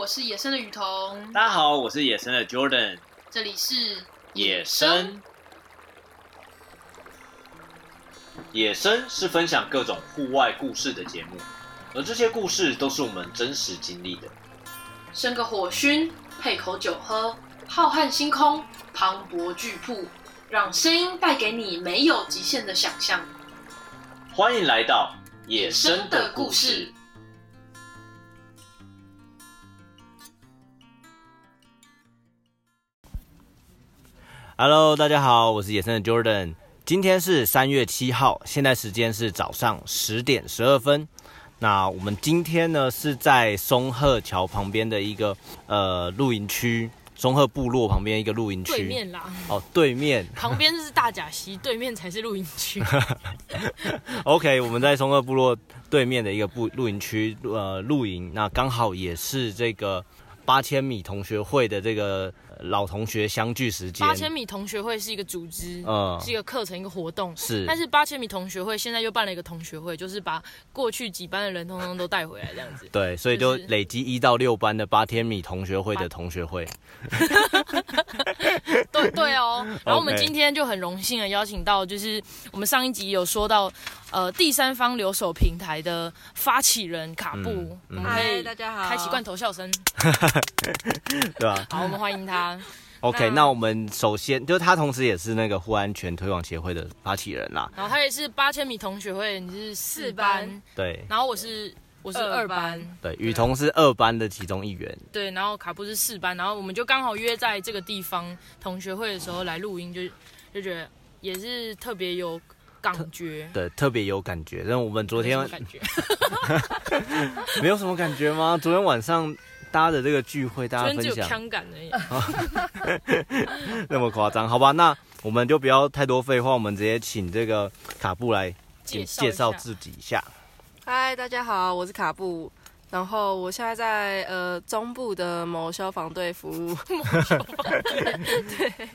我是野生的雨桐，大家好，我是野生的 Jordan。這裡是野生、野生，野生是分享各種戶外故事的節目，而這些故事都是我們真實經歷的。生個火燻，配口酒喝，浩瀚星空，磅礴巨瀑，讓聲音帶給你沒有極限的想象。歡迎來到野生的故事。Hello，大家好，我是野生的 Jordan。今天是三月七號，現在時間是早上十點十二分。那我們今天呢，是在松鶴橋旁邊的一個呃露營區，松鶴部落旁邊一個露營區。對面啦。哦，對面。旁邊就是大甲溪，對面才是露營區。 OK，我們在松鶴部落對面的一個露露營區呃露營，那剛好也是這個八千米同學會的這個。老同學相聚時間。八千米同學會是一個組織，嗯，是一個課程，一個活動。是，但是八千米同學會現在又辦了一個同學會，就是把過去幾班的人通通都帶回來，這樣子。對，就是、所以就累積一到六班的八千米同學會的同學會。 對對哦，然後我們今天就很榮幸的邀請到，就是我們上一集有說到，呃，第三方留守平台的發起人卡布，嗨、嗯，嗯、Hi，大家好，開啟罐頭笑聲， 對吧、啊？好，我們歡迎他。 OK， 那，那我們首先就他同時也是那個戶外安全推廣協會的發起人啦、啊，然後他也是八千米同學會，你就是四班，四班，對，然後我是。我是二班，對，雨桐是二班的其中一員，對，然後卡布是四班，然後我們就剛好約在這個地方同學會的時候來錄音，就就覺得也是特別有感覺，對，特別有感覺。但我們昨天有感覺 沒有什麼感覺嗎？昨天晚上搭的這個聚會，大家分享槍感而已， 那麼誇張？好吧，那我們就不要太多廢話，我們直接請這個卡布來介介紹自己一下。嗨，大家好，我是卡布，然後我現在在呃中部的某消防隊服務， 對， 對，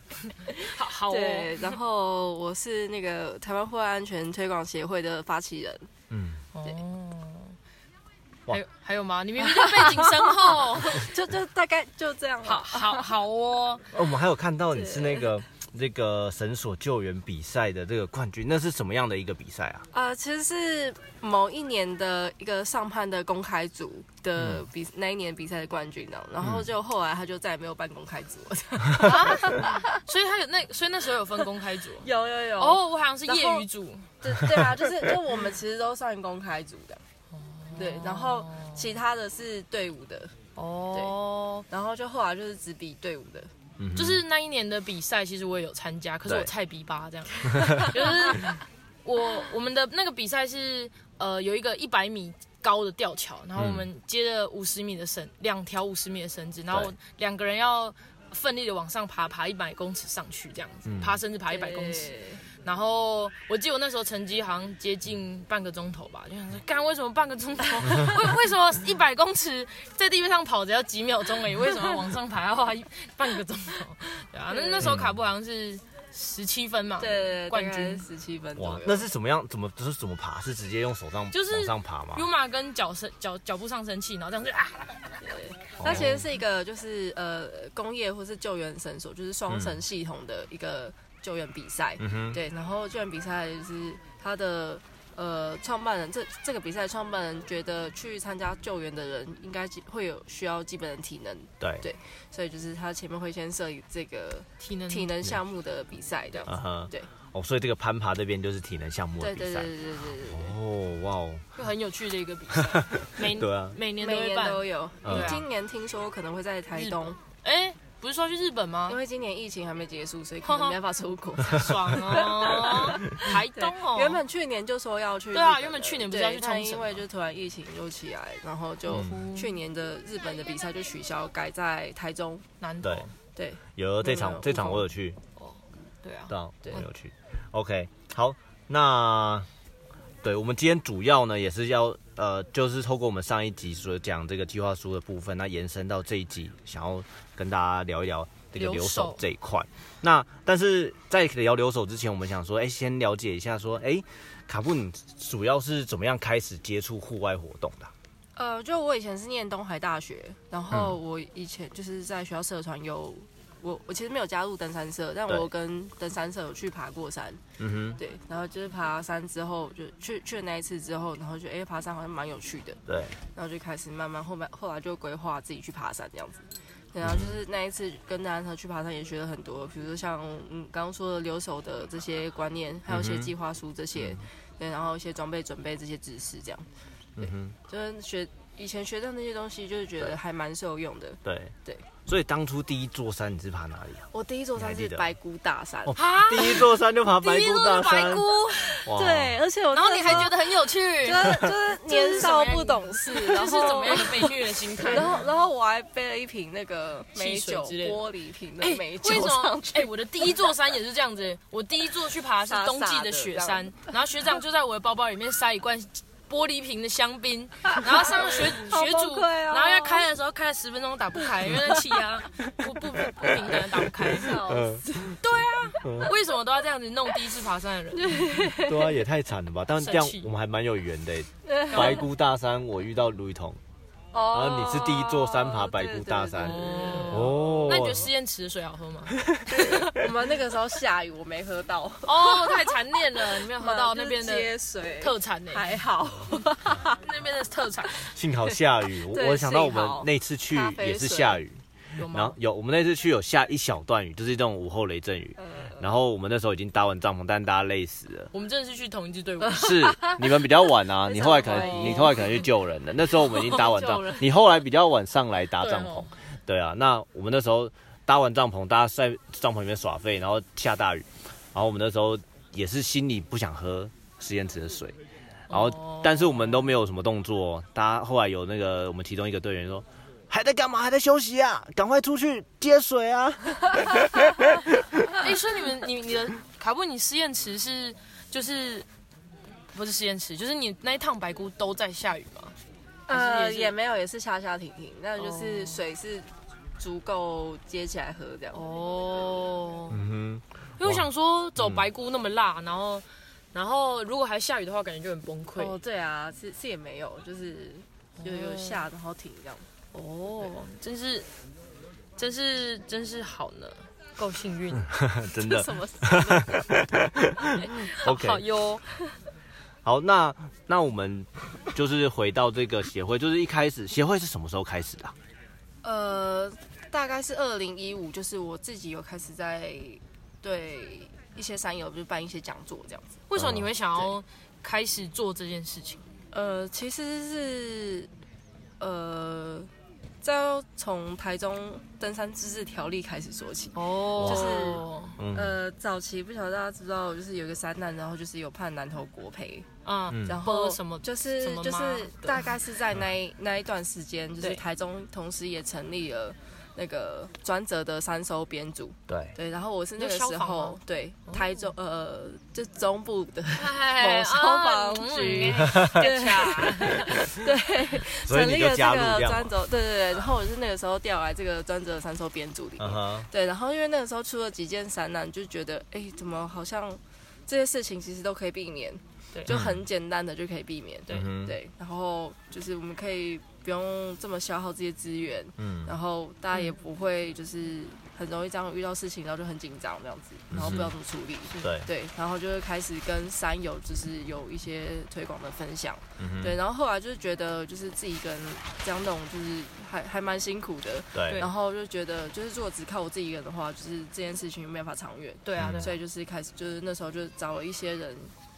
好，好、哦，對，然後我是那個台灣戶外安全推廣協會的發起人，嗯，哦，oh. 還有還有嗎？你明明就背景深厚， 就就大概就這樣， 好，好，好哦，哦、 oh,，我們還有看到你是那個。這個繩索救援比賽的這個冠軍，那是什麼樣的一個比賽啊？呃，其實是某一年的一個上半的公開組的比、嗯，那一年比賽的冠軍呢。然後就後來他就再也沒有辦公開組了，嗯、 所以他有那，所以那時候有分公開組， 有有有。哦、oh，我好像是業餘組，對對啊，就是就我們其實都算公開組的， 對，然後其他的是隊伍的，哦、oh，對，然後就後來就是只比隊伍的。嗯、就是那一年的比賽，其實我也有參加，可是我菜逼八這樣。就是我我們的那個比賽是，呃，有一個一百米高的吊橋，然後我們接着五十米的繩，兩條五十米的繩子，然後兩個人要奮力的往上爬，爬一百公尺上去這樣子，嗯、爬繩子爬一百公尺。然後我記得我那時候成績好像接近半個鐘頭吧，就想說，幹為什麼半個鐘頭？為 為什麼一百公尺在地面上跑只要幾秒鐘而已？為什麼要往上爬要花半個鐘頭？啊、那那時候卡布好像是十七分嘛，對冠軍十七分。哇，那是怎麼樣？怎麼不是怎麼爬？是直接用手上就是往上爬嗎 Yuma 馬跟腳上腳腳步上升器，然後這樣就啊。對，對，對，它、oh. 其實是一個就是呃工業或是救援繩，繩索，就是雙繩系統的一個、嗯。救援比賽，嗯哼，對，然後救援比賽就是他的呃創辦人，這這個比賽創辦人覺得去參加救援的人應該會有需要基本的體能，對對，所以就是他前面會先設這個體能體能項目的比賽，這樣子、嗯哼，對。哦，所以這個攀爬這邊就是體能項目的比賽，對對，對對對對對對。哦、oh, wow，哇哦，就很有趣的一個比賽， 每對啊，每年每年都有，今年聽說可能會在台東，哎。欸不是說去日本嗎？因為今年疫情還沒結束，所以可能沒辦法出國，呵呵 爽哦、啊！ 台東哦，原本去年就說要去，對啊，原本去年不是要去沖繩，因為就突然疫情就起來，然後就去年的日本的比賽就取消，改在台中南投、嗯。對，對,對有這場沒有沒有，這場我有去哦、啊，對啊，對，我沒有去、嗯。OK，好，那對我們今天主要呢也是要。呃，就是透過我們上一集所講這個計劃書的部分，那延伸到這一集，想要跟大家聊一聊這個留守這一塊。那但是在聊留守之前，我們想說，哎、欸，先了解一下，說，哎、欸，卡布，你主要是怎麼樣開始接觸戶外活動的、啊？呃，就我以前是念東海大學，然後我以前就是在學校社團有。嗯我我其實沒有加入登山社，但我跟登山社有去爬過山。嗯哼，對，然後就是爬山之後，就去去了那一次之後，然後就哎、欸，爬山好像蠻有趣的。對，然後就開始慢慢後面後來就規劃自己去爬山這樣子。對，然後就是那一次跟登山社去爬山，也學了很多，比如像、嗯、說像剛剛說的留守的這些觀念，還有一些計劃書這些、嗯，對，然後一些裝備準備這些知識這樣。對，嗯、就是學以前學到那些東西，就是覺得還蠻受用的。對對。對所以當初第一座山你是爬哪裡啊？我第一座山是白姑大山、哦。第一座山就爬白姑大山菇。對，而且我然後你還覺得很有趣，覺得就是年少不懂事，然後怎麼樣，沒女人心然後，然後我還背了一瓶那個美酒，玻璃瓶的美酒上去、欸、為什麼？哎、欸，我的第一座山也是這樣子、欸。我第一座去爬是冬季的雪山殺殺的，然後學長就在我的包包裡面塞一罐。玻璃瓶的香檳，然後上雪雪柱，然後要開的時候開了十分鐘打不開，因為氣壓不不不，不平等打不開，嗯，對啊、嗯，為什麼都要這樣子弄？第一次爬山的人，對啊，也太慘了吧！但這樣我們還蠻有緣的，白姑大山我遇到盧雨桐，然後你是第一座山爬白姑大山，對對對對對哦。你覺得試驗池的水好喝嗎？ 我們那個時候下雨，我沒喝到。哦、oh，太殘念了，你沒有喝到那邊的特產呢、欸。還好， 那邊的特產。幸好下雨我，我想到我們那次去也是下雨，然後有我們那次去有下一小段雨，就是這種午後雷陣雨、嗯。然後我們那時候已經搭完帳篷、嗯、篷，但大家累死了。我們真的是去同一支隊伍。 是，你們比較晚啊，你後來可能你後來可能去救人了。那時候我們已經搭完帳篷，你後來比較晚上來搭帳篷。對啊，那我們那時候搭完帳篷，大家在帳篷裡面耍廢，然後下大雨，然後我們那時候也是心裡不想喝實驗池的水，然後但是我們都沒有什麼動作，大家後來有那個我們其中一個隊員說還在幹嘛，還在休息啊？趕快出去接水啊！你 說 你們你你的卡布，你實驗池是就是不是實驗池，就是你那一趟白姑都在下雨嗎？是是呃，也沒有，也是下下停停，那就是水是足夠接起來喝這樣。哦、oh.，嗯哼。因為想說走白姑那麼辣，嗯、然後然後如果還下雨的話，感覺就很崩潰。哦、oh,，對啊，是是也沒有，就是、oh. 就有下然後停這樣。哦、oh.，真是真是真是好呢，夠幸運， 真的。什 麼 好好喲。Okay. 好，那那我們就是回到這個協會，就是一開始協會是什麼時候開始的、啊？呃，大概是二零一五，就是我自己有開始在對一些山友，就是辦一些講座這樣子。為什麼你會想要、嗯、開始做這件事情？呃，其實是呃，在要從台中登山自治條例開始說起哦，就是、嗯、呃，早期不曉得大家知道，就是有一個山難，然後就是有判南投國賠。嗯，然後就是什麼，就是大概是在那一、嗯、那一段時間，就是台中同時也成立了那個專責的山搜編組。對對，然後我是那個時候、那個、對台中、哦、呃就中部的消防局嘿嘿、嗯、對、嗯嗯、 對成立了這個專責對對對，然後我是那個時候調來這個專責的山搜編組裡面、嗯。對，然後因為那個時候出了幾件山難，就覺得哎、欸、怎麼好像這些事情其實都可以避免。就很簡單的就可以避免，對、嗯、對，然後就是我們可以不用這麼消耗這些資源，嗯，然後大家也不會就是很容易這樣遇到事情，然後就很緊張那樣子，然後不知道怎麼處理，嗯、對、對然後就是開始跟山友就是有一些推廣的分享、嗯，對，然後後來就是覺得就是自己一個人這樣那種就是還還蠻辛苦的，對，然後就覺得就是如果只靠我自己一個人的話，就是這件事情沒辦法長遠，對啊、嗯，所以就是開始就是那時候就找了一些人。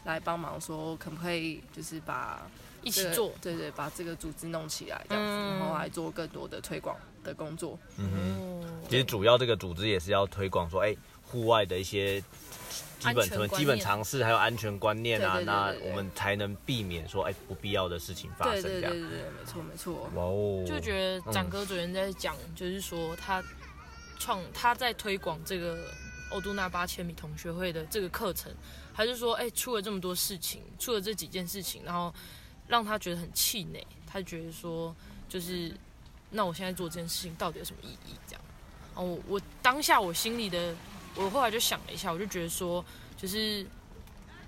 來幫忙說，可不可以就是把一起做，對，對對，把這個組織弄起來，這樣子、嗯，然後來做更多的推廣的工作嗯。嗯，其實主要這個組織也是要推廣說，哎、欸，戶外的一些基本什麼基本常識，還有安全觀念啊對對對對對，那我們才能避免說，哎、欸，不必要的事情發生這樣。對對對，對，對沒錯沒錯。哇哦，就覺得展哥昨天在講，就是說他創、嗯、他在推廣這個歐都納八千米同學會的這個課程。他就說，哎、欸，出了這麼多事情，出了這幾件事情，然後讓他覺得很氣餒。他覺得說，就是那我現在做這件事情到底有什麼意義？這樣，哦，我我當下我心裡的，我後來就想了一下，我就覺得說，就是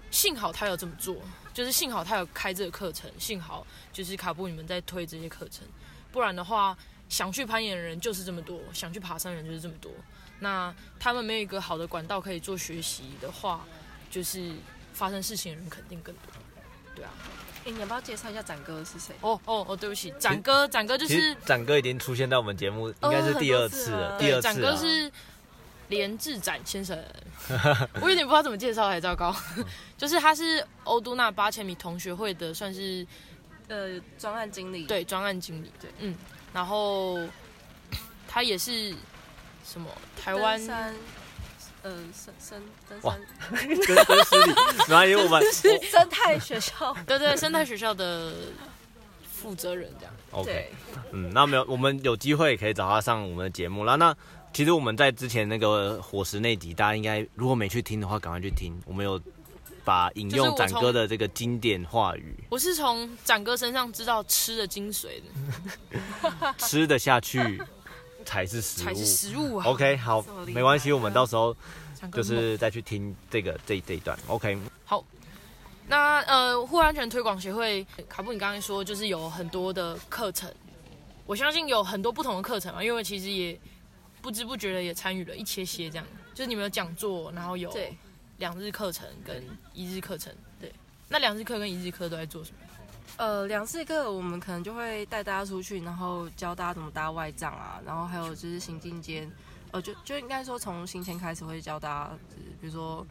幸好他有這麼做，就是幸好他有開這個課程，幸好就是卡布你們在推這些課程，不然的話，想去攀岩的人就是這麼多，想去爬山的人就是這麼多。那他們沒有一個好的管道可以做學習的話，就是發生事情的人肯定更多，對啊。哎、欸，你要不要介紹一下展哥是誰？哦哦哦，對不起，展哥，展哥就是展哥，已經出現在我們節目、哦，應該是第二次了，次了第二次，展哥是連志展先生， 我有點不知道怎麼介紹，還糟糕。 就是他是歐都納八千米同學會的，算是呃專案經理，對，專案經理，對，嗯。然後他也是什麼台灣？嗯、呃，生生生，哇，然後因為我們是生態學校，對對，生態學校的負責人這樣， 人這樣，OK，嗯，那沒有，我們有機會可以找他上我們的節目啦。那其實我們在之前那個伙食那集，大家應該如果沒去聽的話，趕快去聽。我們有把引用展哥的這個經典話語。我是從展哥身上知道吃的精髓的， 吃得下去。 才是食物，是食物、啊、，OK，好，沒關係，我們到時候就是再去聽這個這一這一段，OK，好。那呃，戶外安全推廣協會，卡布你剛剛說就是有很多的課程，我相信有很多不同的課程啊，因為其實也不知不覺的也參與了一些些這樣，就是你們有講座，然後有兩日課程跟一日課程，對，那兩日課跟一日課都在做什麼？呃，兩次一個，我們可能就會帶大家出去，然後教大家怎麼搭外帳啊，然後還有就是行進間，呃，就就應該說，從行前開始會教大家，就是、比如說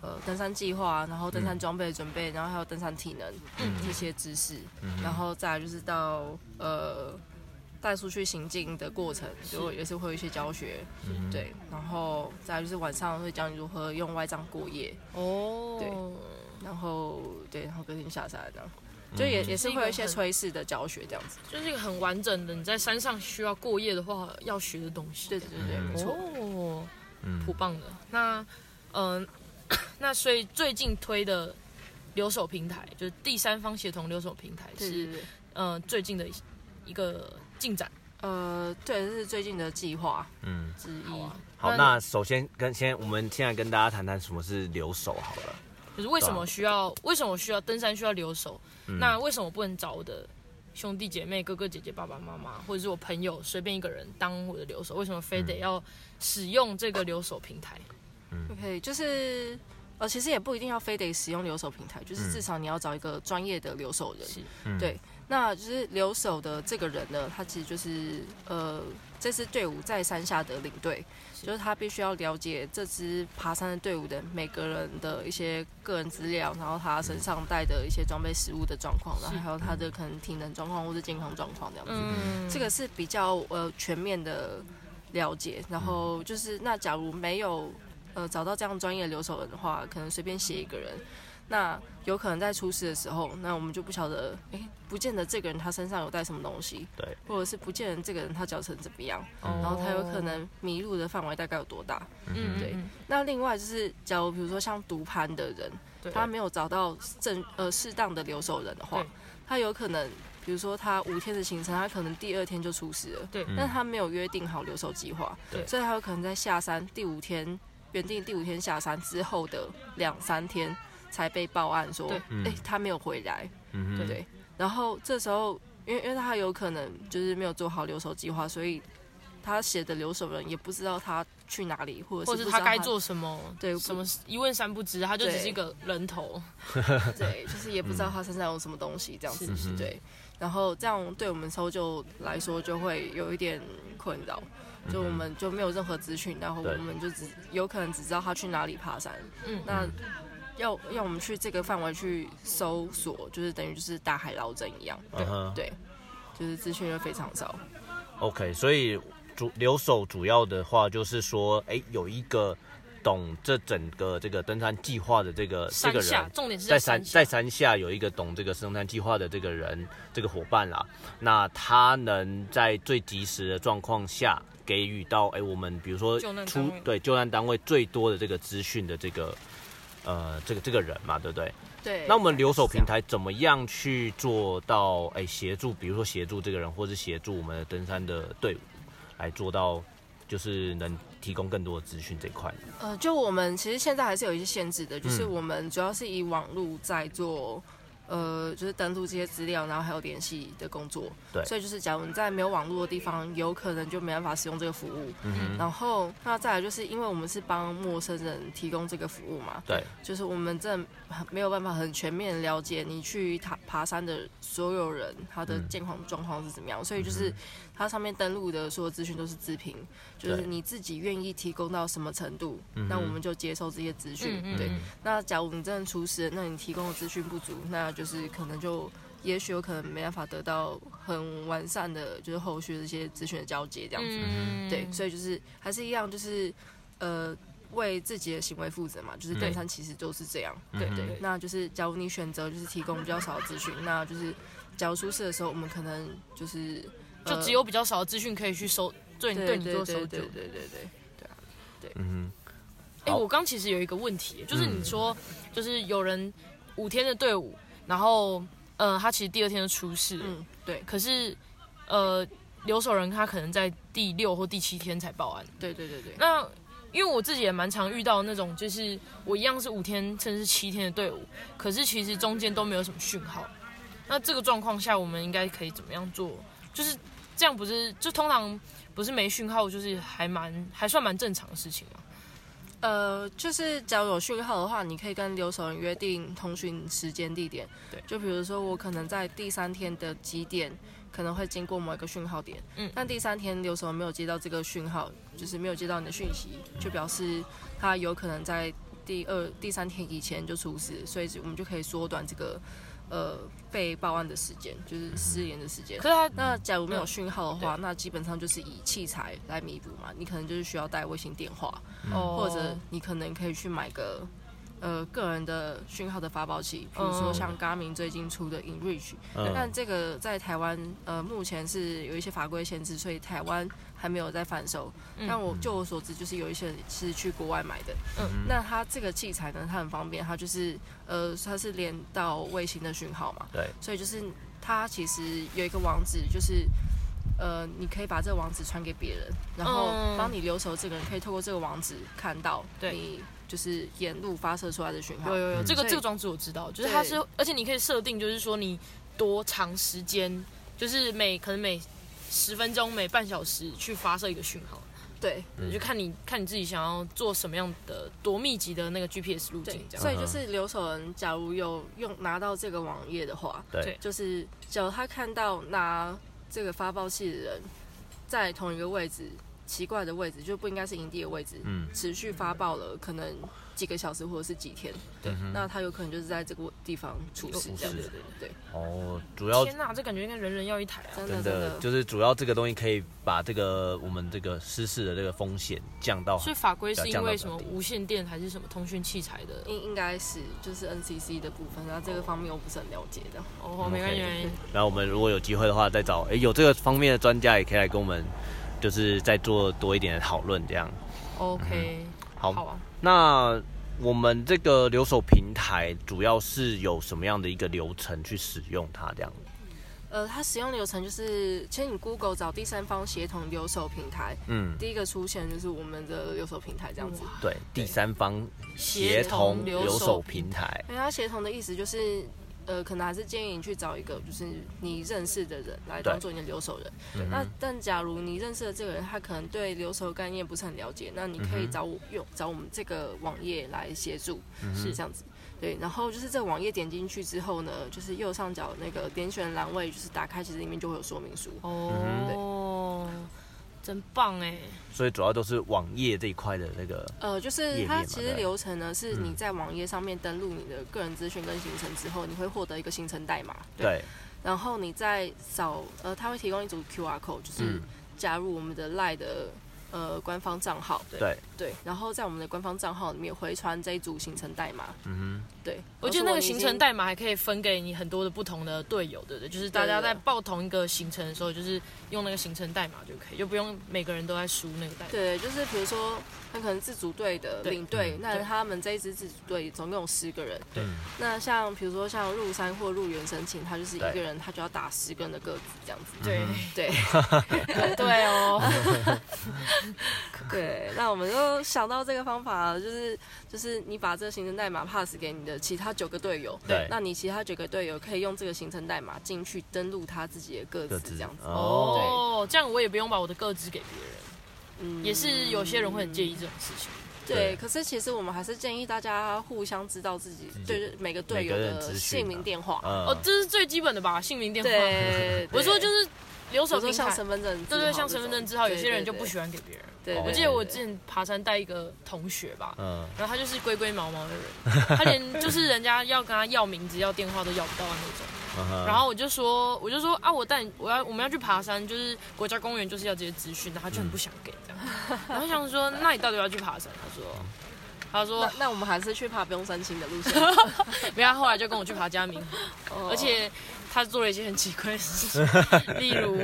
呃登山計劃，然後登山裝備的準備，然後還有登山體能這、嗯嗯、些知識，嗯、然後再來就是到呃帶出去行進的過程，就也是會有一些教學，對，對，然後再來就是晚上會教你如何用外帳過夜哦，對，然後對，然後隔天下山這、啊、樣。就也也是會有一些炊事的教學這樣子，就是一個很完整的你在山上需要過夜的話要學的東西。對對對，嗯、沒錯。哦，嗯，不棒的。嗯、那，嗯、呃，那所以最近推的留守平台，就是第三方協同留守平台是，是呃最近的一個進展。呃，對，這是最近的計劃，嗯，之一啊。好，那首先跟先我們現在跟大家談談什麼是留守好了。就是為什麼需要、啊？為什麼需要登山需要留守、嗯？那為什麼不能找我的兄弟姐妹、哥哥姐姐、爸爸媽媽，或者是我朋友隨便一個人當我的留守？為什麼非得要使用這個留守平台？嗯嗯、OK，就是呃，其實也不一定要非得使用留守平台，就是至少你要找一個專業的留守人，嗯、對。那就是留守的這個人呢，他其實就是呃這支隊伍在山下的領隊，就是他必須要了解這支爬山的隊伍的每個人的一些個人資料，然後他身上帶的一些裝備、食物的狀況，然後還有他的可能體能狀況或者健康狀況這樣子。嗯，這個是比較呃全面的了解。然後就是那假如沒有呃找到這樣專業留守人的話，可能隨便寫一個人。那有可能在出事的時候，那我們就不曉得，哎、欸，不見得這個人他身上有帶什麼東西，對，或者是不見得這個人他腳程怎麼樣、嗯，然後他有可能迷路的範圍大概有多大，嗯，對。那另外就是，假如比如說像獨攀的人，他沒有找到正呃適當的留守人的話，他有可能，比如說他五天的行程，他可能第二天就出事了，對，但他沒有約定好留守計劃，所以他有可能在下山第五天原定第五天下山之後的兩三天，才被報案說，哎、嗯欸，他沒有回來，對、嗯、對？然後這時候，因為因為他有可能就是沒有做好留守計劃，所以他寫的留守人也不知道他去哪裡，或者是他或者是他該做什麼，對，什麼一問三不知，他就只是一個人頭，對， 對就是也不知道他身上有什麼東西，這樣子、嗯，對。然後這樣對我們搜救來說就會有一點困擾，就我們就沒有任何資訊，然後我們就只有可能只知道他去哪裡爬山，嗯，那。嗯要要我們去這個範圍去搜索，就是等於就是大海撈針一樣，對，uh -huh. 對就是資訊又非常少。OK，所以主留守主要的話就是說，哎、欸，有一個懂這整個這個登山計劃的這個三下這個人，在山在山下有一個懂這個登山計劃的這個人，這個夥伴啦、啊，那他能在最及時的狀況下給予到哎、欸、我們，比如說出就對救援單位最多的這個資訊的這個。呃，這個這個人嘛，對不對？對。那我們留守平台怎麼樣去做到？哎，協助，比如說協助這個人，或者協助我們的登山的隊伍，來做到，就是能提供更多的資訊這塊。呃，就我們其實現在還是有一些限制的，就是我們主要是以網絡在做。呃，就是登錄這些資料，然後還有聯繫的工作。對，所以就是假如你在沒有網絡的地方，有可能就沒辦法使用這個服務。嗯，然後那再來就是因為我們是幫陌生人提供這個服務嘛。對，就是我們真的沒有辦法很全面了解你去爬山的所有人他的健康狀況是怎麼樣。嗯，所以就是。嗯它上面登錄的所有資訊都是自評，就是你自己願意提供到什麼程度，那我們就接受這些資訊，嗯。對，那假如你真的出事，那你提供的資訊不足，那就是可能就也許有可能沒辦法得到很完善的，就是後續的這些資訊的交接這樣子。嗯、對，所以就是還是一樣，就是呃為自己的行為負責嘛，就是登山其實就是這樣。對對，對對，那就是假如你選擇就是提供比較少的資訊，那就是假如出事的時候，我們可能就是。呃、就只有比較少的資訊可以去搜，對你對你做搜救的，對對對對對對,對,對，嗯哎、欸，我剛,剛其實有一個問題，就是你說、嗯、就是有人五天的隊伍，然後呃，他其實第二天就出事、嗯，對，可是呃，留守人他可能在第六或第七天才報案，對對,對對對，那因為我自己也蠻常遇到那種，就是我一樣是五天甚至七天的隊伍，可是其實中間都沒有什麼訊號，那這個狀況下我們應該可以怎麼樣做？就是。這樣不是，就通常不是沒訊號，就是還蠻還算蠻正常的事情啊。呃，就是假如有訊號的話，你可以跟留守人約定通訊時間地點。對，就比如說我可能在第三天的幾點可能會經過某一個訊號點。嗯，但第三天留守人沒有接到這個訊號，就是沒有接到你的訊息，就表示他有可能在第二、第三天以前就出事，所以我們就可以縮短這個。呃，被報案的時間就是失聯的時間。可是他，那假如沒有訊號的話，嗯，那基本上就是以器材來彌補嘛。你可能就是需要帶衛星電話，嗯，或者你可能可以去買個呃個人的訊號的發報器，比如說像佳明最近出的 InReach、嗯、但這個在台灣呃目前是有一些法規限制，所以台灣。還沒有在販售、嗯，但我就我所知，就是有一些人是去國外買的。嗯，那它這個器材呢，它很方便，它就是呃，它是連到衛星的訊號嘛。對。所以就是它其實有一個網址，就是呃，你可以把這個網址傳給別人，然後幫你留守，這個人可以透過這個網址看到你就是沿路發射出來的訊號對。有有有，這個這個裝置我知道，就是它是，而且你可以設定，就是說你多長時間，就是每可能每。十分鐘每半小時去發射一個訊號對，對、嗯，你就看你看你自己想要做什麼樣的多密集的那個 GPS 路徑這樣。所以就是留守人假如有用拿到這個網頁的話，對，就是假如他看到拿這個發報器的人在同一個位置，奇怪的位置，就不應該是營地的位置，嗯，持續發報了、嗯，可能。幾個小時或者是幾天對、嗯，那他有可能就是在這個地方出事這樣子對對對。對，哦，主要天哪、啊，這感覺應該人人要一台啊，真的真的！真的，就是主要這個東西可以把這個我們這個失事的這個風險降到。所以法規是因為什麼無線電還是什麼通訊器材的？應應該是就是 NCC 的部分，那這個方面我不是很了解的。哦，沒關係，沒關係。那我們如果有機會的話，再找哎、欸、有這個方面的專家也可以來跟我們，就是再做多一點討論這樣。OK、嗯。好。吧、啊。那我們這個留守平台主要是有什麼樣的一個流程去使用它這樣子？呃，它使用的流程就是，其實你 Google 找第三方協同留守平台。嗯，第一個出現就是我們的留守平台這樣子。對，第三方協同留守平台。對，欸，它協同的意思就是。呃，可能還是建議你去找一個就是你認識的人來當做你的留守人。對、那、嗯、但假如你認識的這個人他可能對留守的概念不是很了解，那你可以找我、嗯、用找我們這個網頁來協助、嗯，是這樣子。對。然後就是這網頁點進去之後呢，就是右上角那個點選欄位就是打開，其實裡面就會有說明書。嗯、對哦。真棒誒、欸，所以主要都是網頁這一塊的那個，呃，就是它其實流程呢，是你在網頁上面登錄你的個人資訊跟行程之後，你會獲得一個行程代碼，對。然後你再掃，呃，它會提供一組 QR code，就是加入我們的 Line 的。呃，官方賬號對對，對，然後在我們的官方賬號裡面回傳這一組行程代碼。嗯哼，對我，我覺得那個行程代碼還可以分給你很多的不同的隊友，對不對，就是大家在報同一個行程的時候，就是用那個行程代碼就可以，就不用每個人都在輸那個代碼。對，就是比如說。可能自組隊的領隊，那他們這一支自組隊總共有十個人。對。那像比如說像入山或入園申請，他就是一個人，他就要打十個人的個資，這樣子。對對 對、對哦。 對，那我們就想到這個方法了，就是就是你把這個行程代碼 pass 給你的其他九個隊友對，對。那你其他九個隊友可以用這個行程代碼進去登錄他自己的個資，這樣子。哦、oh，這樣我也不用把我的個資給別人。嗯，也是有些人會很介意這種事情對。對，可是其實我們還是建議大家互相知道自己對每個隊友的姓名、電話、啊嗯。哦，這是最基本的吧？姓名、電話對對。我說就是，留守都像，像身份證，對，對對，像身份證之後，有些人就不喜歡給別人。對、對、對、哦、對、對、對，我記得我之前爬山帶一個同學吧，嗯，然後他就是龜龜毛毛的人、嗯，他連就是人家要跟他要名字、要電話都要不到的那種。然後我就說，我就說啊，我帶你，我要，我們要去爬山，就是國家公園，就是要這些資訊。然後他就很不想給這樣，然後想說，那你到底要去爬山。他說，他說，那，那我們還是去爬不用申請的路線。 然後後來就跟我去爬嘉明，而且他做了一些很奇怪的事情，例如，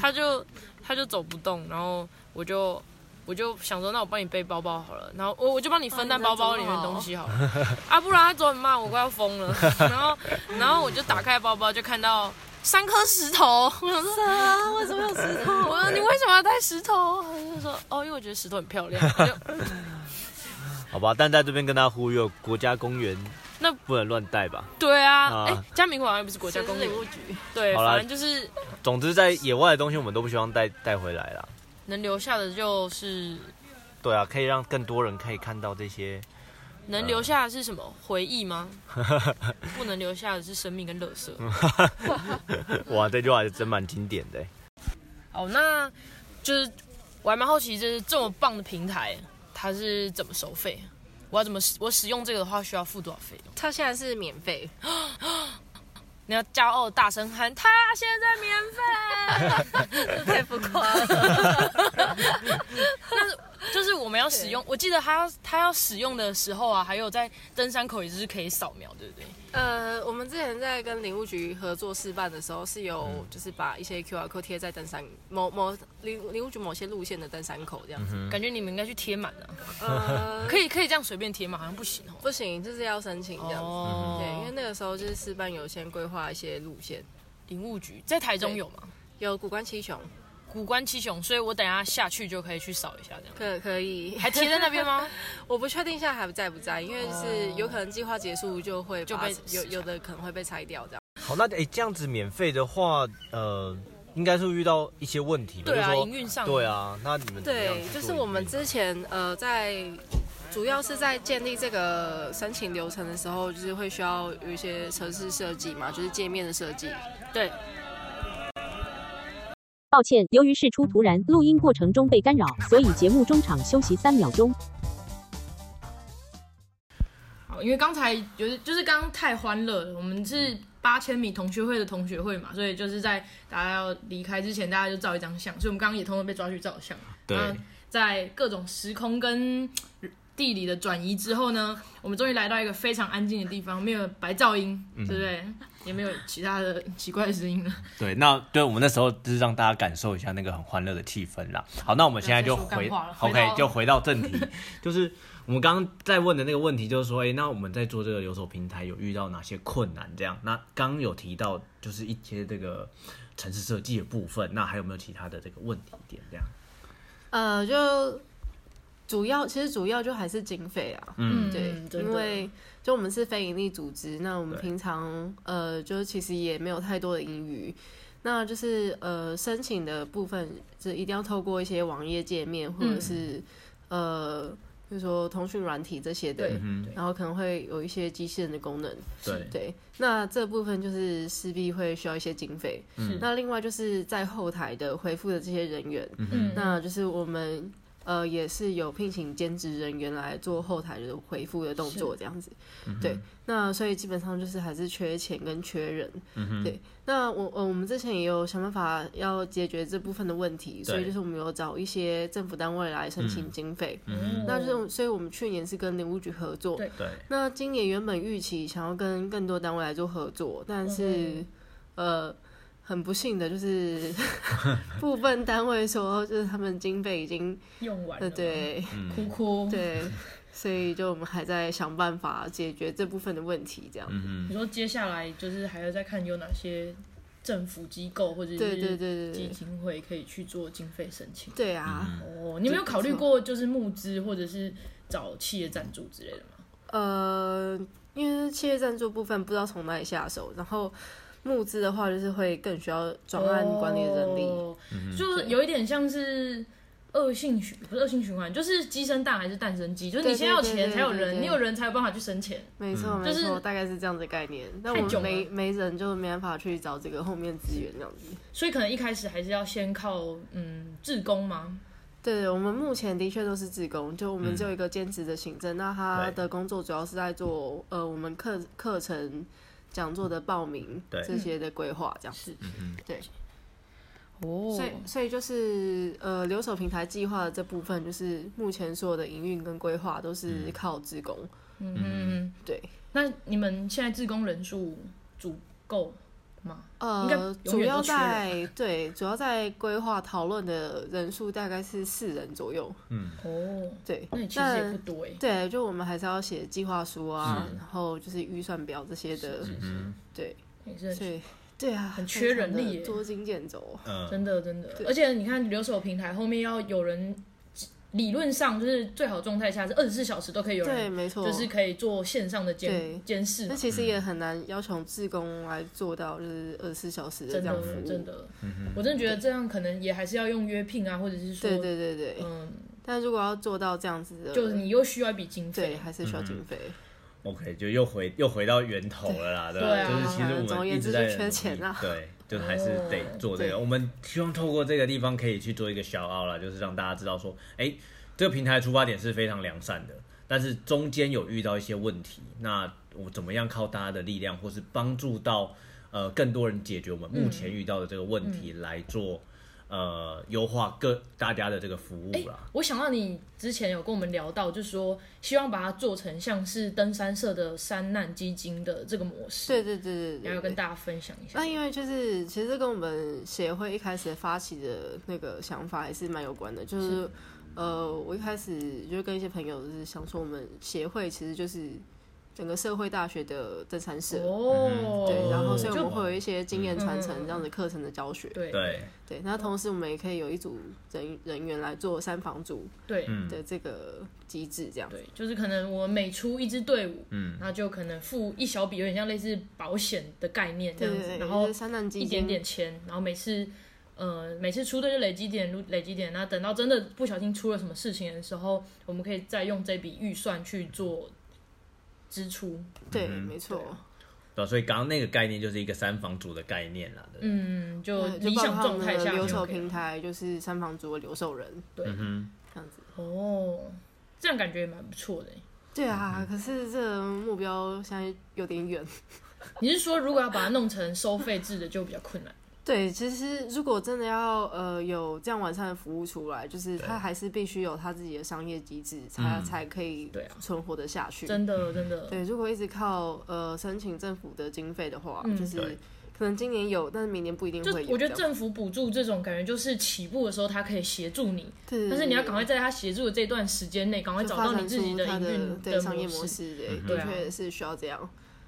他就他就走不動，然後我就。我就想說，那我幫你背包包好了，然後我我就幫你分擔包包裡面、啊、東西好了， 啊，不然他昨晚很罵我，快要瘋了。然後然後我就打開包包，就看到三顆石頭，我想說啊，為什麼有石頭？ 我說你為什麼要帶石頭？他就說哦，因為我覺得石頭很漂亮。 好吧，但在這邊跟大家呼籲國家公園，那不能亂帶吧？對啊，哎、啊，嘉明好像不是國家公園務局，對好，反正就是，總之在野外的東西，我們都不希望帶帶回來啦。能留下的就是，對啊，可以讓更多人可以看到這些。能留下的是什麼、呃、回憶嗎？ 不能留下的是生命跟垃圾。 哇，這句話還真蠻經典的。哦，那就是我還蠻好奇，就是這麼棒的平台，它是怎麼收費？我要怎麼我使用這個的話，需要付多少費用？它現在是免費。 你要驕傲大聲喊，他現在免費， 這太浮誇了。 就是我們要使用，我記得他要他要使用的時候啊，還有在登山口也是可以掃描，對不對？呃，我們之前在跟林務局合作示範的時候，是有就是把一些 QR code 貼在登山某某林林務局某些路線的登山口這樣子，嗯、感覺你們應該去貼滿了。可以可以這樣隨便貼嗎？好像不行哦。 不行，這、就是要申請這樣子、哦，對，因為那個時候就是示範有先規劃一些路線。林務局在台中有嗎？有谷關七雄。古官七雄，所以我等一下下去就可以去掃一下，這樣可可以？還停在那邊嗎？ 我不確定現在還在不在，因為是有可能計劃結束就會就被有有的可能會被拆掉這樣。好，那誒、欸、這樣子免費的話，呃，應該是會遇到一些問題，比如說，對啊，營運上對啊，那你們對，就是我們之前呃在主要是在建立這個申請流程的時候，就是會需要有一些程式設計嘛，就是界面的設計，對。抱歉，由於事出突然，錄音過程中被干擾，所以節目中場休息三秒鐘。好，因為剛才覺得就是剛剛、就是、太歡樂了，我們是八千米同學會的同學會嘛，所以就是在大家要離開之前，大家就照一張相。所以我們剛剛也通通被抓去照相對，在各種時空跟地理的轉移之後呢，我們終於來到一個非常安靜的地方，沒有白噪音，對不對？有沒有其他的奇怪聲音呢 對，那對我們那時候就是讓大家感受一下那個很歡樂的氣氛啦。好，那我們現在就回，OK，回就回到正題， 就是我們剛剛在問的那個問題，就是說，哎、欸，那我們在做這個留守平台有遇到哪些困難？這樣，那剛剛有提到就是一些這個城市設計的部分，那還有沒有其他的這個問題點？這樣，呃，就。主要其實主要就還是經費啊嗯，嗯，對，因為就我們是非營利組織，那我們平常呃，就是其實也沒有太多的盈餘，那就是呃，申請的部分就一定要透過一些網頁界面或者是、嗯、呃，比如說通訊軟體這些的，然後可能會有一些機器人的功能，對，那這部分就是勢必會需要一些經費、就是嗯，那另外就是在後台的回復的這些人員、嗯，那就是我們。呃，也是有聘請兼職人員來做後台的、就是、回覆的動作，這樣子、嗯。對，那所以基本上就是還是缺錢跟缺人。嗯、對，那我呃，我們之前也有想辦法要解決這部分的問題，所以就是我們有找一些政府單位來申請經費、嗯嗯。那就是所以我們去年是跟林務局合作。對對。那今年原本預期想要跟更多單位來做合作，但是，嗯、呃。很不幸的，就是 部分單位說，就是他們經費已經用完了，了、嗯。對，哭哭，對，所以就我們還在想辦法解決這部分的問題，這樣。你、嗯嗯、說接下來就是還要再看有哪些政府機構或者是對對對對對基金會可以去做經費申請。對啊，哦，你有沒有考慮過就是募資或者是找企業贊助之類的嗎？呃，因為企業贊助部分不知道從哪裡下手，然後。募資的話，就是會更需要專案管理的人力，oh，就有一點像是惡性循，不是惡性循環，就是雞生蛋還是蛋生雞，就是你先要錢才有人，對對對對對對對對，你有人才有辦法去生錢，沒、嗯、錯，沒錯、就是，大概是這樣的概念。但我們沒沒人，就沒辦法去找這個後面資源這樣子，所以可能一開始還是要先靠嗯志工嗎？對對，我們目前的確都是志工，就我們就有一個兼職的行政，嗯，那他的工作主要是在做呃我們課課程。講座的報名，這些的規劃，這樣是、嗯，對，嗯、所以所以就是，呃，留守平台計劃這部分，就是目前所有的營運跟規劃都是靠志工，嗯嗯，嗯，對，那你們現在志工人數足夠？呃、嗯，主要在 對，主要在規劃討論的人數大概是四人左右。嗯，哦，對，那你其實也不多哎。對，就我們還是要寫計劃書啊，然後就是預算表這些的。嗯，對。所以，對啊，很缺人力，捉襟見肘。嗯，真的，真的。而且你看，留守平台後面要有人。理論上就是最好狀態下是二十四小時都可以有人，對，沒錯，就是可以做線上的監監視。那其實也很難要求志工來做到就是二十四小時的這樣服務。真的，真的，嗯，我真的覺得這樣可能也還是要用約聘啊，或者是說，對對對對，嗯。但如果要做到這樣子的，就是你又需要一筆經費，還是需要經費，嗯。OK，就又回又回到源頭了啦，對，對對啊，就是其實我們一直在圈錢了對。就還是得做這個，我們希望透過這個地方可以去做一個 shout out 啦，就是讓大家知道說，哎，這個平台出發點是非常良善的，但是中間有遇到一些問題，那我怎麼樣靠大家的力量，或是幫助到呃更多人解決我們目前遇到的這個問題來做。呃，優化各大家的這個服務啦、欸。我想到你之前有跟我們聊到，就是說希望把它做成像是登山社的山難基金的這個模式。對對對對,對,對,對,對,對然後要跟大家分享一下。那因為就是其實跟我們協會一開始發起的那個想法還是蠻有關的，就是,是呃，我一開始就是跟一些朋友就是想說，我們協會其實就是。整個社會大學的登山社哦。對，然後所以我們會有一些經驗傳承這樣的課程的教學，嗯、對對，對，對，對，那同時我們也可以有一組人人員來做三方組，對的這個機制這樣。對，就是可能我每出一支隊伍，那就可能付一小筆，有點像類似保險的概念這樣子，對對對，然後三段一點點錢，然後每次呃每次出隊就累積點累積點，那等到真的不小心出了什麼事情的時候，我們可以再用這筆預算去做。支出、嗯、對，沒錯。對，所以剛剛那個概念就是一個第三方的概念啦。嗯，就理想狀態下、OK，留守平台就是第三方的留守人，對，這樣子哦，這樣感覺也蠻不錯的。對、嗯、啊，可是這目標現在有點遠。你是說，如果要把它弄成收費制的，就比較困難？ 對，其實如果真的要呃有這樣完善的服務出來，就是他還是必須有他自己的商業機制，他才、嗯、才可以存活得下去。真的、啊，真的，真的。對，如果一直靠呃申請政府的經費的話，嗯、就是可能今年有，但是明年不一定會有。我覺得政府補助這種感覺就是起步的時候他可以協助你，對，但是你要趕快在他協助的這段時間內，趕快找到你自己的營運的商業模式，對、嗯、的確是需要這樣。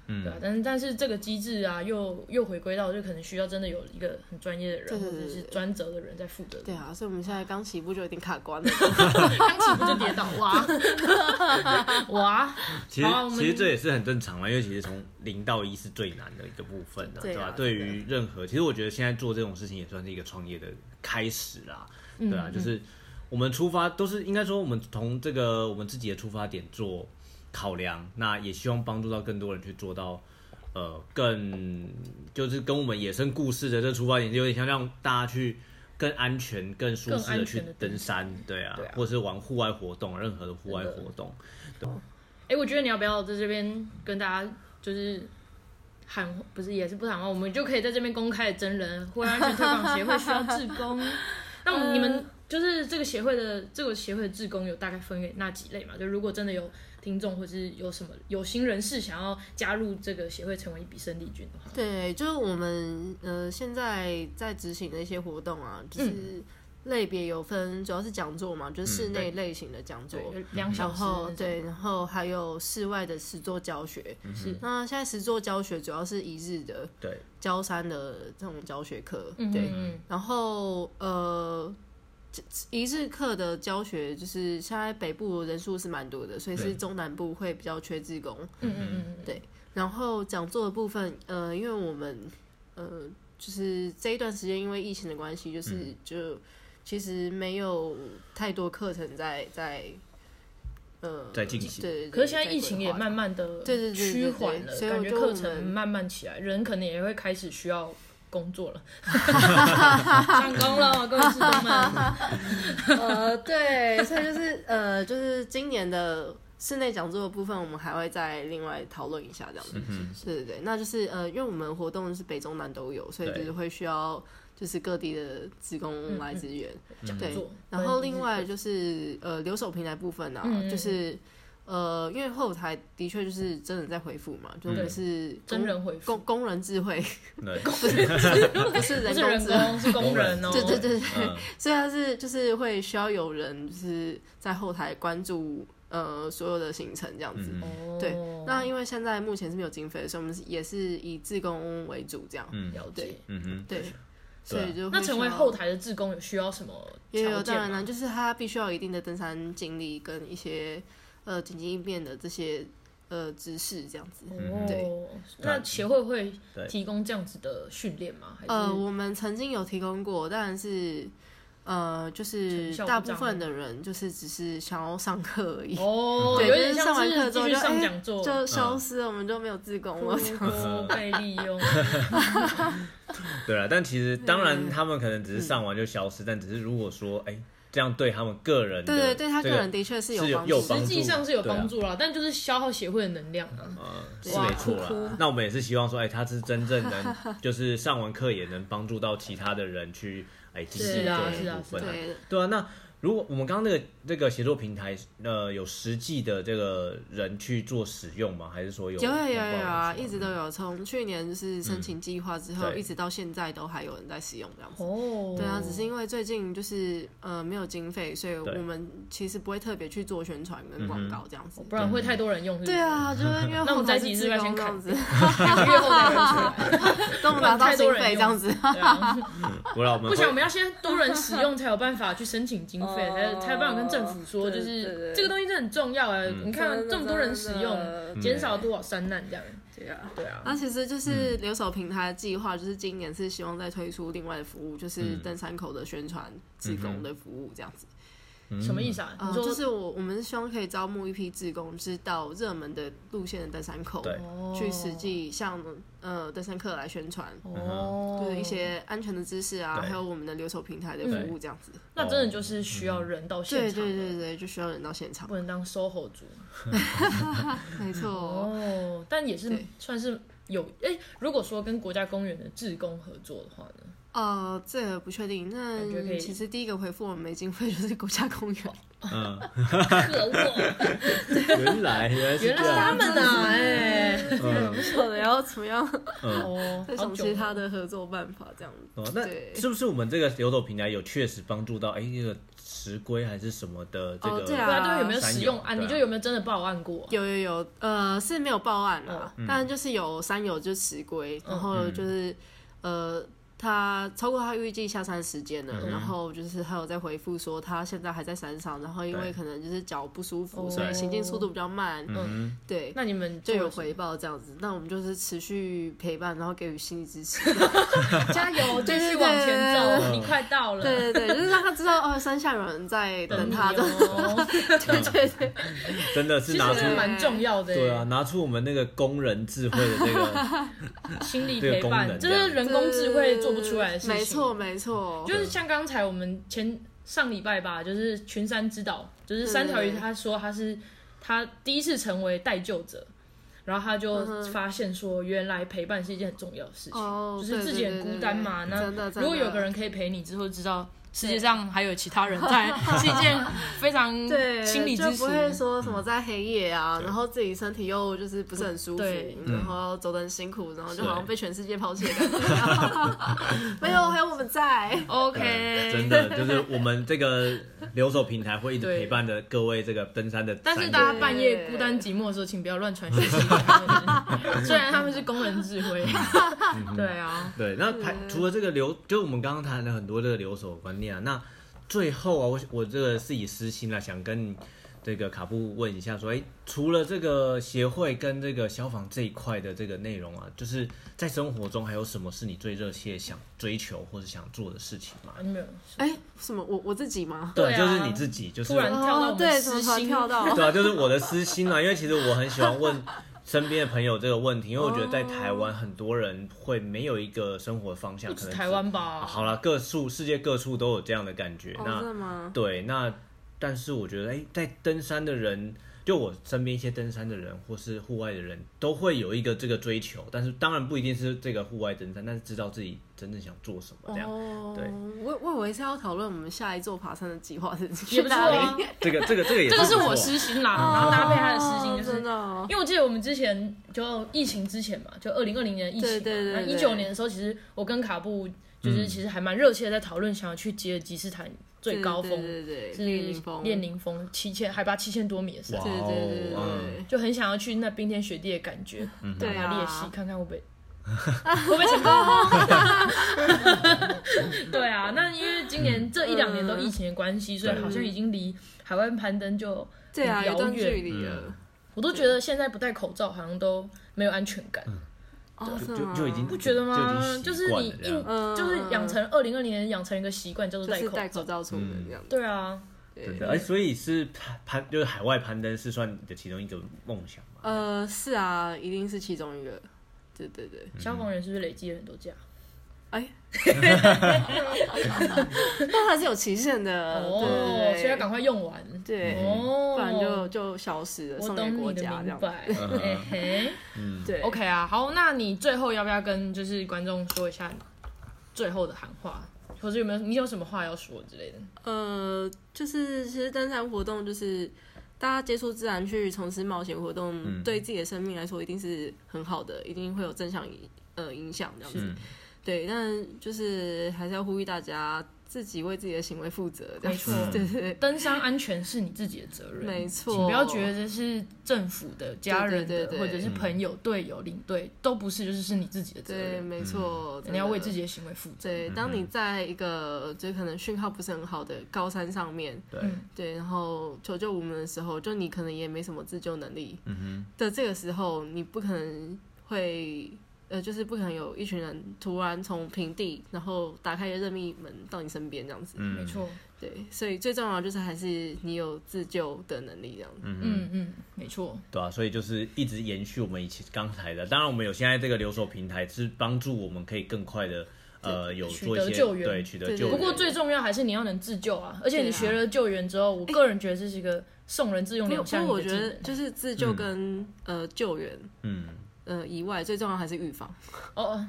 嗯、啊，但是但是這個機制啊，又又回歸到，就可能需要真的有一個很專業的人，對對對對，或者是專責的人在負責。對啊，所以我們現在剛起步就有點卡關了，剛 起步就跌倒哇 對對對哇。其實、啊、其實這也是很正常啦，因為其實從零到一是最難的一個部分的，對吧、啊？對於任何對對對，其實我覺得現在做這種事情也算是一個創業的開始啦，嗯、對吧、啊？就是我們出發都是應該說我們從這個我們自己的出發點做考量，那也希望幫助到更多人去做到，呃，更就是跟我們野生故事的這出發點，就有點像讓大家去更安全、更舒適的去登山，對啊，對啊，或者玩戶外活動，任何的戶外活動，對。哎、欸，我覺得你要不要在這邊跟大家就是喊，不是，也是不是喊話，我們就可以在這邊公開的真人戶外安全推廣協會需要志工，那 你們就是這個協會的這個協會的志工有大概分為哪幾類嘛？就如果真的有。聽眾或是有什麼有心人士想要加入這個協會，成為一筆生力軍的話，對，就是我們呃現在在執行的一些活動啊，就是類別有分，主要是講座嘛，就是室內類型的講座，兩、嗯、小時，對，然後還有室外的實作教學、嗯，那現在實作教學，主要是一日的，對，郊山的這種教學課，對，嗯嗯然後呃。一日課的教學就是現在北部人數是蠻多的，所以是中南部會比較缺志工。嗯嗯嗯，對。然後講座的部分，呃，因為我們呃，就是這一段時間因為疫情的關係，就是、嗯、就其實沒有太多課程在在呃在進行。對，對，對。可是現在疫情也慢慢的對對對趨緩了對對對對，所以我我覺得課程慢慢起來，人可能也會開始需要。工作了，成 功了、啊，恭哈哈哈。 呃，對，所以就是呃，就是今年的室內講座的部分，我們還會再另外討論一下這樣子。是，是，是，是，對對，那就是呃，因為我們活動是北中南都有，所以就是會需要就是各地的志工來支援講座。然後另外就是呃，留守平台部分呢、啊，就是。呃，因為後台的確就是真的在回復嘛，嗯、就是工真人回工工人智慧。對，工人智慧 不是， 是人工智慧，不是人工智能 是工人哦。對對對對、嗯，所以他是就是會需要有人就是在後台關注呃，所有的行程這樣子嗯嗯。對，那因為現在目前是沒有經費，所以我們也是以志工為主這樣。嗯，對，了解。對嗯嗯對，對、啊，所以就那成為後台的志工有需要什麼？也有當然啦，就是他必須要有一定的登山經歷跟一些。呃，緊急應變的這些呃知識，這樣子。嗯、對，那協會會提供這樣子的訓練嗎？呃還是，我們曾經有提供過，但是呃，就是大部分的人就是只是想要上課而已。哦，對，就是上完課之後就上講座，欸，就消失了，嗯，我們就沒有志工。我被利用。 對了，但其實當然他們可能只是上完就消失，嗯、但只是如果說哎。欸這樣對他們個人的個，對對，對，對他個人的確是有幫助，實際上是有幫助啦，啊，但就是消耗協會的能量，嗯，是沒錯啦哭哭。那我們也是希望說，哎，他是真正能， 就是上完課也能幫助到其他的人去是，啊，哎，積積一分，對啊，那。如果我們剛剛那個那個協作平台，呃，有實際的這個人去做使用嗎？還是說有有,有有有啊，一直都有，從去年就是申請計劃之後、嗯，一直到現在都還有人在使用這樣子。哦、oh.，對啊，只是因為最近就是呃沒有經費，所以我們其實不會特別去做宣傳跟廣告這樣子，我不然會太多人用是不是。對啊，就是因為那我們再幾日要先樣子，哈哈哈哈哈，動不了太多人這樣子。不然我們不行，我們要先多人使用才有辦法去申請經費。 哦才才有辦法跟政府說，哦、就是這個東西是很重要啊、嗯，你看這麼多人使用，減少多少山難這樣對。對啊，對啊。那其實就是留守平台的計劃，就是今年是希望再推出另外的服務，就是登山口的宣傳、志、嗯、工的服務這樣子。嗯什麼意思啊、嗯呃？你說，就是我，我們希望可以招募一批志工，知道熱門的路線的登山口，對去實際向呃登山客來宣傳、嗯，就是一些安全的知識啊，還有我們的留守平台的服務這樣子。那真的就是需要人到現場、嗯，對對對對，就需要人到現場，不能當 SOHO 族，沒錯。哦，但也是算是有哎、欸，如果說跟國家公園的志工合作的話呢？呃，這個不確定。那其實第一個回復我們沒經費，就是國家公園合作。嗯、 原來原來是，原來是他們啊！哎，嗯，然後怎麼樣、嗯？哦、 嗯、再想其他的合作辦法這樣子。哦，對哦，那是不是我們這個留守平台有確實幫助到？哎、欸，那個遲歸還是什麼的這個？哦，對啊，對啊，有沒有使用啊？你就有沒有真的報案過？有有有，呃，是沒有報案啦、啊嗯，但就是有山友就是遲歸，然後就是、嗯嗯、呃。他超過他預計下山時間了、嗯，然後就是他有在回覆說他現在還在山上，然後因為可能就是腳不舒服，所以行進速度比較慢。嗯，對。那你們就有回報這樣子，那我們就是持續陪伴，然後給予心理支持。 加油，繼續往前走，對對對前走嗯、你快到了。對對，對，就是讓他知道哦，山下有人在等他、嗯。對對對，嗯、真的是拿出其實蠻重要的。對啊，拿出我們那個工人智慧的那、這個 心理陪伴、這個，就是人工智慧做。不出來的事情，沒錯沒錯，就是像剛才我們前上禮拜吧，就是群山之島，就是三條魚，他說他是、嗯、他第一次成為帶救者，然後他就發現說，原來陪伴是一件很重要的事情，哦、就是自己很孤單嘛，對對對對，那如果有個人可以陪你，之後知道。世界上還有其他人在，是一件非常、對心理支持。 就不會說什麼在黑夜啊、嗯，然後自己身體又就是不是很舒服，然後走得很辛苦，然後就好像被全世界拋棄的感覺、啊。 沒有，還、嗯、有我們在。OK，真的就是我們這個。留守平台會一直陪伴着各位這個登山的，但是大家半夜孤單寂寞的時候，請不要亂傳訊息。 雖然他們是工人智慧， 嗯、 對啊，對。那對除了這個留，就我們剛剛談了很多這個留守觀念啊，那最後啊，我我這個是以私心啊，想跟你。這個卡布問一下說，欸、除了這個協會跟這個消防這一塊的這個內容啊，就是在生活中還有什麼是你最熱切想追求或者想做的事情嗎？沒有，哎，什麼？我我自己嗎？對，對、啊，就是你自己，就是突然跳到我們私心，哦、對，跳到對啊，就是我的私心啊。 因為其實我很喜歡問身邊的朋友這個問題，因為我覺得在台灣很多人會沒有一個生活方向， 可能是台灣吧？啊、好啦，各處，世界各處都有這樣的感覺。哦、那對，那。但是我覺得，哎、欸，在登山的人，就我身邊一些登山的人，或是戶外的人，都會有一個這個追求。但是當然不一定是這個戶外登山，但是知道自己真正想做什麼這樣。Oh, 對。我我以為是要討論我們下一座爬山的計劃的。也不錯啊。這個這個這個也 這個是我私心啦， oh, 然後搭配他的私心就是，oh, 因為我記得我們之前就疫情之前嘛，就二零二零年的疫情，對對對,對,對,對。一九年的時候，其實我跟卡布。就是其實還蠻熱切的在討論，在討論想要去吉爾吉斯坦最高峰，是對對對，是列寧峰，峰，七千海拔七千多米的山，哦、是對對對，就很想要去那冰天雪地的感覺，嗯、打打打對啊，練習看看會不會，會不會成功？ 對啊，那因為今年這一兩年都疫情的關係，嗯、所以好像已經離海外攀登就很對啊遙遠了、嗯。我都覺得現在不戴口罩好像都沒有安全感。嗯哦、就就，就已經不覺得嗎就就？就是你應，就是養成二零二零年養成一個習慣、呃，叫做戴口罩、就是、出門，這、嗯、樣對啊。而對對對、啊、所以是攀攀就是海外攀登是算你的其中一個夢想嗎？呃，是啊，一定是其中一個。對對對，嗯、消防員是不是累積了很多假？哎，但 它 是有期限的，oh, 對對對，所以要趕快用完，對，oh, 不然就就消失了，送給國家這樣子。 嘿嘿對，OK 啊，好，那你最後要不要跟就是觀眾說一下最後的喊話？或者有沒有你有什麼話要說之類的？呃，就是其實登山活動就是大家接觸自然去從事冒險活動，嗯、對於自己的生命來說一定是很好的，一定會有正向呃影響這樣子。嗯對，但就是還是要呼籲大家自己為自己的行為負責。沒錯、嗯，對對，對登山安全是你自己的責任。沒錯，不要覺得這是政府的、家人的對對對對，或者是朋友、隊友、領隊、嗯、都不是，就是是你自己的責任。對，沒錯，你要為自己的行為負責。對，當你在一個就可能訊號不是很好的高山上面，對、嗯、對，然後求救無門的時候，就你可能也沒什麼自救能力，嗯哼，的這個時候，你不可能會。呃，就是不可能有一群人突然從平地，然後打開一個任意門到你身邊這樣子。嗯，沒錯。對，所以最重要的就是還是你有自救的能力這樣子。嗯嗯，嗯沒錯。對啊，所以就是一直延續我們一起剛才的。當然，我們有現在這個留守平台是幫助我們可以更快的呃有做一些取得救援，對，取得救援對對對對。不過最重要還是你要能自救啊！而且你學了救援之後，啊、我個人覺得這是一個送人自用的。不、欸，不，我覺得就是自救跟、嗯、呃救援。嗯。呃，以外最重要還是預防哦。Oh,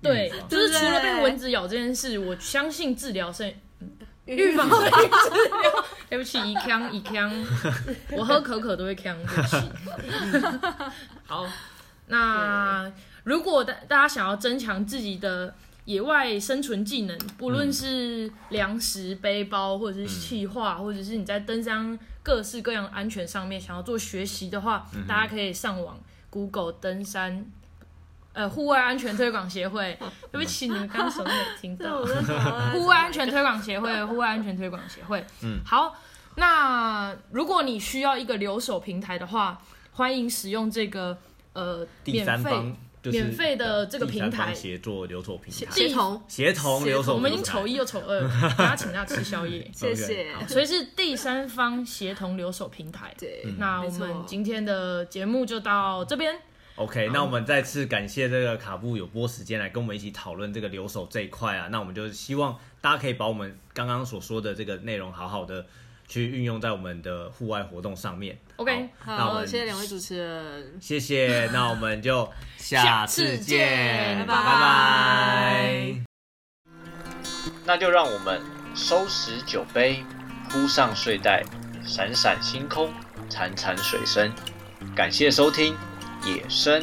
對、嗯，就是除了被蚊子咬這件事，我相信治療是、嗯、預防 對不起，一嗆一嗆， 我喝可可都會嗆。對不起。 好， 那對對對，如果大大家想要增強自己的野外生存技能，不論是糧食、背包，或者是企劃、嗯，或者是你在登山各式各樣安全上面想要做學習的話、嗯，大家可以上網。Google 登山，呃，戶外安全推廣協會， 對不起，你們剛剛什麼沒聽到？ 戶外安全推廣協會，戶外安全推廣協會。嗯，好，那如果你需要一個留守平台的話，歡迎使用這個，呃，免費。免費的這個平台，第三方協作留守平台，協同協同留守平台，我們已經抽一又籌二，大 家請大家吃宵夜， 謝謝，okay。所以是第三方協同留守平台，對。那我們今天的節目就到這邊。OK，那我們再次感謝這個卡布有撥時間來跟我們一起討論這個留守這一塊啊。那我們就希望大家可以把我們剛剛所說的這個內容好好的。去運用在我們的戶外活動上面。OK，好，好，謝謝兩位主持人，謝謝， 那我們就下次見，下次見拜拜，拜拜。那就讓我們收拾酒杯，鋪上睡袋，閃閃星空，潺潺水聲，感謝收聽《野生》。